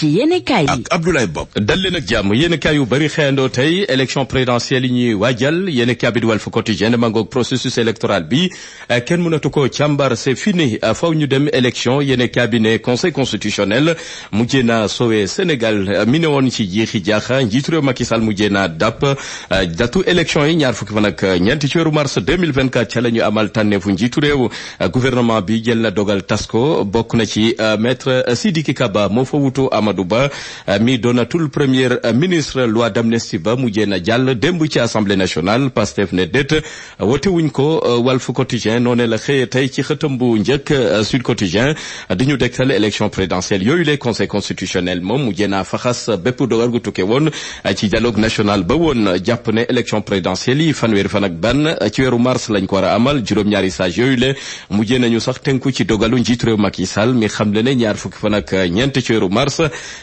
ci yéenekaay yi ak Abdoulaye Bob dal leen ak jàmm yéenekaay yu bari xeendoo tey élection présidentielle yi ñuy waajal yéenekaay bi di Walf Quotidien mangoog processus électoral bi eh, kenn mënatu ko càmbar c'est fini eh, faw ñu dem élection yéenekaay bi conseil constitutionnel mujjee sowe Sénégal eh, mi ne ci jeexi jaaxa njiitu réew Macky Sall mujjee datu élection yi ñaar fukki fan ak ñeenti ci weeru mars 2024 ca la ñu amal tànneefu njiitu réew gouvernement bi jël na dogal tas ko bokk na ci maître Sidiki moo fa wutu Amadou Ba euh, mi doonatul premier euh, ministre loi d'amnistie ba mujjee na jàll démb ci assemblée nationale Pastef ne déet wote wuñ ko euh, Walf Quotidien noonee la xëyee tey ci xëtam bu njëkk Sud Quotidien di ñu dégtal élection présidentielle yooyu les conseil constitutionnel moom mujjee na faxas bépp dogal gu tukkee woon ci dialogue national ba woon jàpp ne élection présidentielle yi fanweeri fan ak ban ci weeru mars lañ ko war a amal juróom-ñaari sage yooyu le mujjee nañu sax tënku ci dogalu njiit réew Macky Sall mi xam le fan ak ñeent ci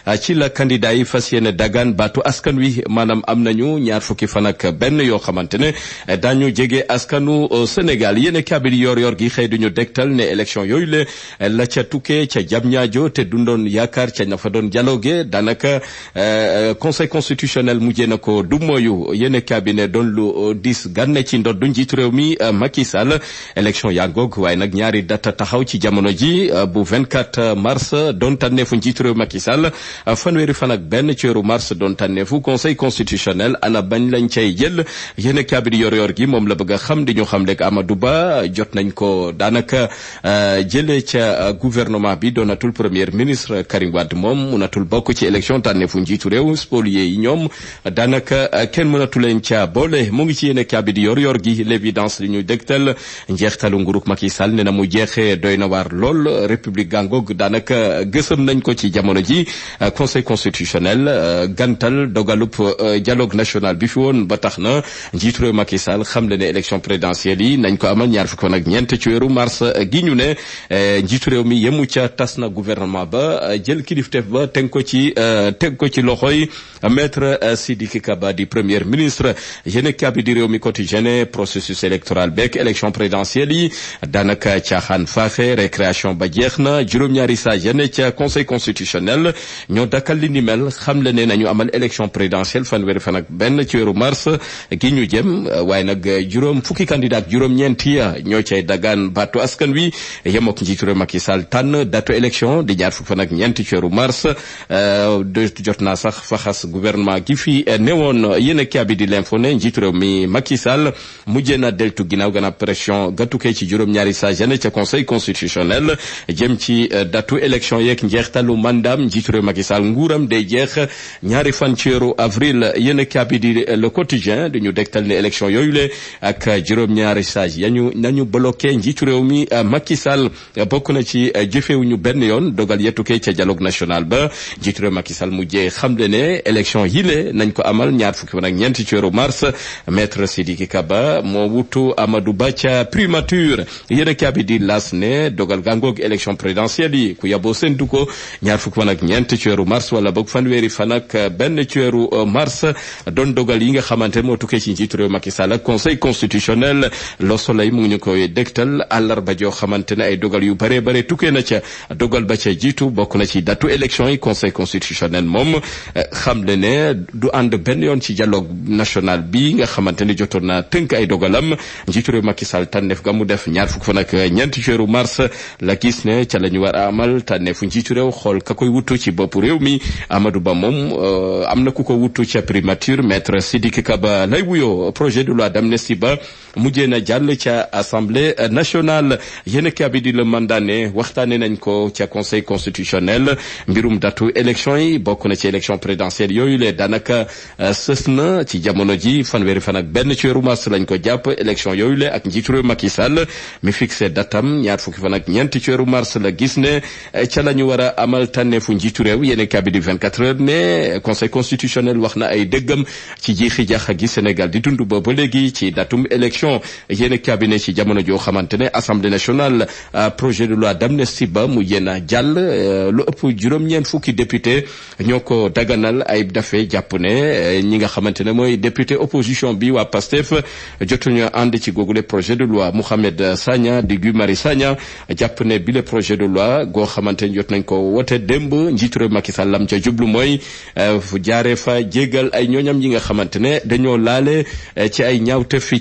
Ah, ci la candidat yi fas yéene dagan baatu askan wi maanaam am nañu ñaar fukki fan ak benn yoo xamante ne eh, daañu jege askanu euh, Sénégal yéen a kaabi yor yor gi xëy duñu degtal ne élection yooyu le eh, la ca tukkee ca jam ñaajo te dundoon yaakaar ca ña fa doon dialogue daanaka eh, conseil constitutionnel mujjee na ko du mooyu yéen a kaabi lu euh, dis gànne ci ndodd du réew mi euh, Macky Sall élection yaa ngoog waaye ñaari data taxaw ci jamono ji bu 24 mars doon tànneefu njiitu réew Macky Sall amal fanweeri fan ak benn ci weeru mars doon tànneefu conseil constitutionnel ana bañ lañ cay jël yéen a yor-yor gi moom la bëgg a xam di ñu xam leeg Amadou Ba jot nañ ko daanaka euh, jële ca euh, gouvernement bi doonatul premier ministre Karim moom mënatul bokk ci élection tànneefu njiitu réew spolié yi ñoom daanaka euh, kenn mënatu leen ca boole mu ngi ci yéen a kaabiri yor-yor gi l'évidence li ñu dégtal njeextalu nguurug Macky Sall ne na mu jeexee doy na waar lool république gàngoog daanaka gësëm nañ ko ci jamono ji Euh, conseil constitutionnel euh, gantal dogalub euh, dialogue national bi fi woon ba tax na njiitu réew Macky Sall xam le ne élection présidentielle yi nañ ko amal ñaar fukki fan ñeent ci weeru mars gi ñu ne njiitu réew mi yemu ca tas na gouvernement ba jël kilifteef ba teg ko ci teg ko ci loxoy maître sidi Kaba di premier ministre yéen kabi di réew mi quotidien processus électoral beek élection présidentielle yi daanaka caaxaan faaxe récréation ba jeex na juróom-ñaari saa yene ca conseil constitutionnel ñoo dakkal li ni mel xam le ne nañu amal élection présidentielle fanweeri fan ak benn ci weeru mars gi ñu jëm waaye nag juróom fukki candidat ak juróom ñoo cay dagaan baatu askan wi yem ak njiitu réew Macky Sall tànn datu élection di ñaar fukki fan ak ñeent ci weeru mars euh, de jot naa sax faxas gouvernement gi fi newoon yéen a kii bi di l'info ne njiitu réew mi Macky Sall mujjee na deltu ginnaaw gannaaw pression gatu tukkee ci juróom-ñaari saa yene ca conseil constitutionnel jëm ci euh, datu élection yeeg njeextalu mandam njiitu njiitu réew Macky Sall nguuram day jeex ñaari fan ci weeru avril yenn kabi di le quotidien di ñu dégtal ne élection yooyu le ak juróom-ñaari sage yañu nañu bloqué njiitu réew mi Macky Sall bokk na ci jëfewuñu benn yoon dogal yettukee ca dialogue national ba njiitu réew Macky Sall mujjee xamle ne élection yi le nañ ko amal ñaar fukki fan ak ñeenti ci weeru mars maître Sidiki Kaba moo wutu Amadou Ba ca primature yéen kabi di las ne dogal gàngoog élection présidentielle yi ku yaboo ñeent ci weeru mars wala boog fanweeri fan ak euh, benn ci weeru euh, mars doon dogal yi nga xamante moo tukkee ci njiitu réew Macky Sall ak conseil constitutionnel Le Soleil mu ngi ñu koy dégtal àllarba xamante ne ay dogal yu bare bare tukkee na ca dogal ba ca jiitu bokk na ci datu élection yi conseil constitutionnel moom euh, xam le ne du ànd benn yoon ci dialogue national bi nga xamante ne jotoon na tënk ay dogalam njiitu réew Macky Sall tànneef ga mu def ñaar fukk fan ak ñeent ci weeru mars la gis la ñu war a amal tànneefu xool ka koy wutu ci boppu réew mi Amadou Ba moom euh, am na ku ko wutu ca primature maître Sidiki Kaba lay wuyoo projet de loi si ba mujjee na jàll ca assemblée nationale yéen a bi di la mandaane waxtaanee nañ ko ca conseil constitutionnel mbirum datu élection yi bokk na ci élection présidentielle yooyu le daanaka euh, sës na ci jamono fan fanweeri fan ak benn ci weeru mars lañ ko jàpp élection yooyu le ak njiitu réew Macky Sall mi fixé datam ñaar fukki fan ak ñeent ci weeru mars la gis ne euh, ca la ñu war a amal tànneefu njiitu réew yéen a bi di 24 heures ne conseil constitutionnel wax na ay dëggam ci jiixi jaaxa gi Sénégal di dund ba léegi libération yéen cabinet bi ci jamono joo xamante ne assemblée euh, projet de loi d'amnistie ba mu yéen a jàll euh, lu ëpp juróom-ñeent fukki député ñoo ko daganal ay dafee jàpp ne euh, ñi nga xamante ne mooy député opposition bi waa PASTEF jotuñu ànd ci googule projet de loi Mouhamed Sagna di Guy Marius Sagna jàpp ne bile projet de loi goo xamante ne jot nañ ko wote démb njiitu réew Macky Sall lam ca jublu mooy ay ñooñam yi nga xamante ne laale ci ay ñaawte fi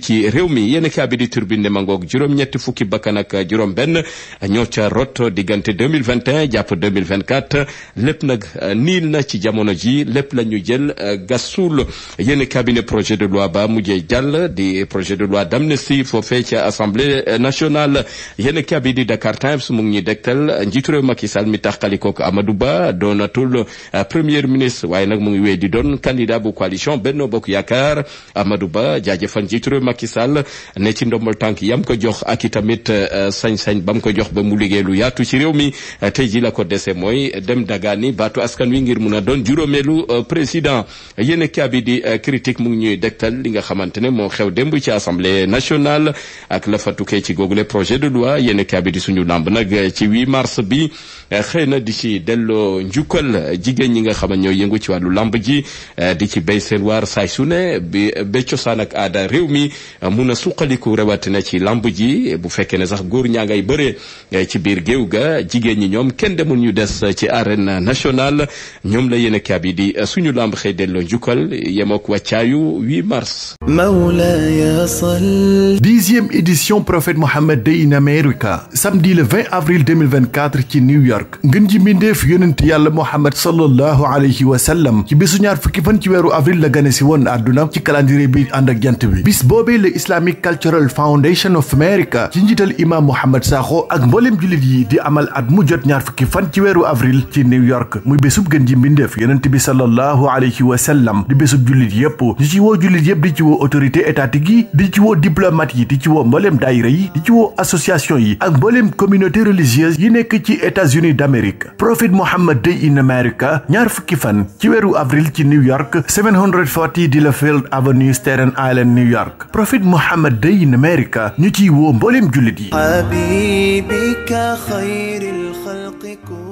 mi yéen a bi di turbine ne ma ngoog juróom-ñetti fukki bakkan ak juróom-benn ñoo ca rot diggante 2021 jàpp 2024 lépp nag euh, niil na ci jamono ji lépp la ñu jël euh, gasul yéen a bi projet de loi ba mujjee jàll di projet de loi d'amnistie foofee ca assemblée nationale yéen a bi di Dakar Times mu ngi ñuy dektal njiitu réew Macky Sall mi taxalikook Amadou Ba doonatul euh, premier ministre waaye nag mu ngi wéy di doon candidat bu coalition Benno Bokk Yaakaar Amadou Ba jaajëfal njiitu Sall ne ci ndombal tànk yam ko jox ak i tamit euh, euh, sañ-sañ bam ko jox ba mu liggéey lu yaatu ci réew mi euh, tey ji la ko dese mooy dem ni baatu askan wi ngir mun a doon juróomeelu président yéen kaabi di critique mu ngi ñuy dektal li nga xamante ne moo xew démb ci assemblée national ak la fa tukkee ci googule projet de loi yéen kaabi di suñu làmb nag ci 8 mars bi xëy na di ci delloo njukkal jigéen ñi nga xam ne ñoo yëngu ci wàllu làmb ji di ci béy seen waar saay su ne cosaan ak aada réew mi mun a suqaliku rawatina ci lamb ji bu fekkee ne sax góor ñaa ngay bëree eh, ci biir géew ga jigéen ñi ñoom kenn demul ñu des eh, ci arène nationale ñoom la yéen a kaab yi di eh, suñu lamb xëy delloo njukkal yemook wàccaayu 8 mars mawlaaya sal dixième édition prophète Mohammed Day in America samedi le 20 avril 2024 ci New York ngën ji mbindeef yonent yàlla Mohammed sallallahu alayhi wa sallam ci bésu ñaar fukki fan ci weeru avril la gane si woon ci calendrier bi islam Islamic Cultural Foundation of America ci njiital imam Mouhamed Sakho ak mboolem jullit yi di amal at mu jot ñaar fukki fan ci weeru avril ci New York muy bésub gën ji mbindeef yonent bi sallallahu alayhi wa sallam di bésub jullit yépp di ci woo jullit yépp di ci woo autorité étatique yi di ci woo diplomate yi di ci woo mbooleem daayira yi di ci woo association yi ak mbooleem communauté religieuse yi nekk ci États-Unis d'Amérique Prophet Muhammad Day in America ñaar fukki fan ci weeru avril ci New York 740 Delafield Avenue Staten Island New York Prophet Muhammad Mohammed Day in America ñu ciy woo mbooleem jullit yi